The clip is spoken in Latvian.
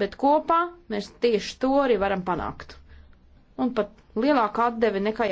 bet kopā mēs tieši to arī varam panākt. Un pat lielāka atdeve nekā, ja